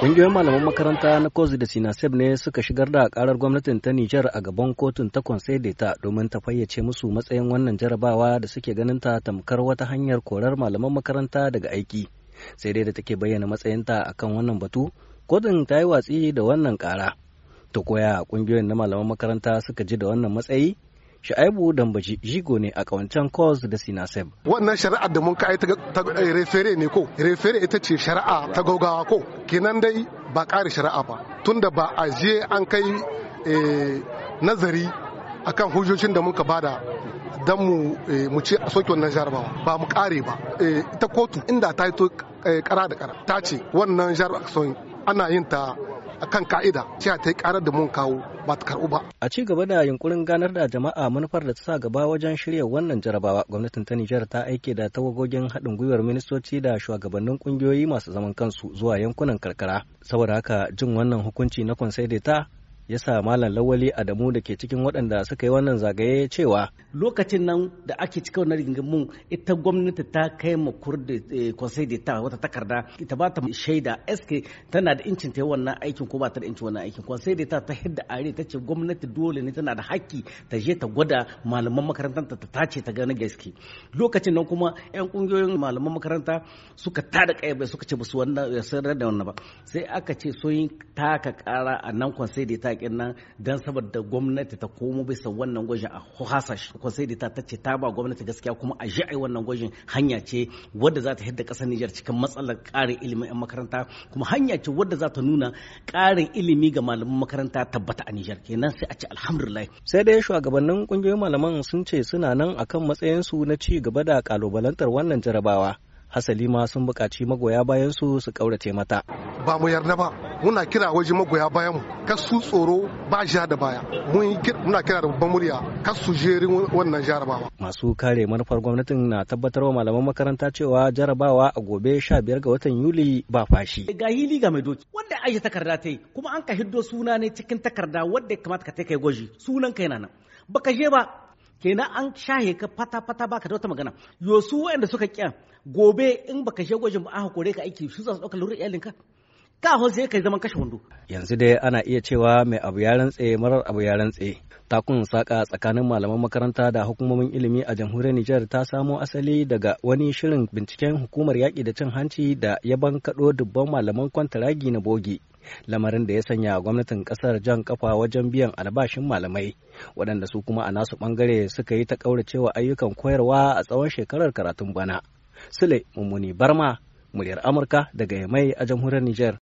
Ƙungiyoyin malaman makaranta na Kozi da Sinasef ne suka shigar da karar gwamnatin ta Nijar a gaban kotun ta Konsedeta domin ta fayyace musu matsayin wannan jarabawa da suke ganin ta tamkar wata hanyar korar malaman makaranta daga aiki. Sai dai da take bayyana matsayinta a kan wannan batu, kotun ta yi watsi da wannan kara. Ta koya ƙungiyoyin na malaman makaranta suka ji da wannan matsayi Shu'aibu Dambaji jigo ne a kawancan KOS da Sinaseb. Wannan shari'ar da mun kai ta eh, refere ne ko? Refere ita ce shari'a ta gaugawa ko? Kenan dai ba ƙari shari'a ba. Tunda ba a je an kai eh, nazari akan hujjojin da muka bada don mu eh, ce a soke wannan jarabawa ba mu kare ba ita kotu inda ta yi to kara da kara ta ce wannan jarabawa ana yin ta akan ka'ida sai ta yi karar da mun kawo ba ta karɓu ba. A ci gaba da yunkurin ganar da jama'a manufar da ta sa gaba wajen shirya wannan jarabawa gwamnatin ta Nijar ta aike da tawagogin haɗin gwiwar ministoci da shugabannin ƙungiyoyi masu zaman kansu zuwa yankunan karkara. Saboda haka jin wannan hukunci na da ta ya sa malam lawali adamu da ke cikin waɗanda suka yi wannan zagaye cewa lokacin nan da ake cikin wannan mun ita gwamnati ta kai ma kurdi eh, da ta wata takarda ita ba ta shaida sk tana da incin ta wannan aikin ko ba ta da incin wannan aikin conseil da ta hidda are ta ce gwamnati dole ne tana da haƙƙi ta je ta gwada malaman makarantar ta ta ce ta gani gaske lokacin nan kuma yan kungiyoyin malaman makaranta suka ta da kai suka ce ba su wannan eh, da wannan ba sai aka ce soyin taka kara a nan da ta yakin nan dan saboda gwamnati ta komo bisa wannan gwajin a hasa shi sai da ta ce ta ba gwamnati gaskiya kuma a ji ai wannan gwajin hanya ce wadda za ta hidda kasar Nijar cikin matsalar ƙarin ilimin 'yan makaranta kuma hanya ce wadda za ta nuna ƙarin ilimi ga malaman makaranta tabbata a Nijar kenan sai a ce alhamdulillah sai dai shugabannin kungiyoyin malaman sun ce suna nan akan matsayin su na ci gaba da kalubalantar wannan jarabawa hasali ma sun buƙaci magoya bayan su su kaurace mata ba mu yarda ba muna kira waje magoya bayan mu ka su tsoro ba ja da baya muna kira da babban murya kas su jeri wannan jarabawa masu kare manufar gwamnatin na tabbatar wa malaman makaranta cewa jarabawa a gobe 15 ga watan yuli ba fashi ga hili ga mai doki wanda aisha takarda ta yi kuma an ka hiddo suna ne cikin takarda wanda ya kamata ka kai gwaji sunan ka yana nan baka je ba kenan an shahe ka fata fata baka da wata magana yo su waɗanda suka kyan gobe in baka je gwajin ba an hakore ka aiki su za su ɗauka lura iyalinka kawo sai kai zaman kashe wando. Yanzu dai ana iya cewa mai abu ya rantse marar abu ya rantse. Takun saka tsakanin malaman makaranta da hukumomin ilimi a jamhuriyar Nijar ta samo asali daga wani shirin binciken hukumar yaƙi da cin hanci da ya bankaɗo dubban malaman kwantaragi na bogi. Lamarin da ya sanya gwamnatin ƙasar jan kafa wajen biyan albashin malamai, waɗanda su kuma a nasu ɓangare suka yi ta ƙauracewa ayyukan koyarwa a tsawon shekarar karatun bana. Sule Mummuni Barma, muryar Amurka daga Yamai a jamhuriyar Nijar.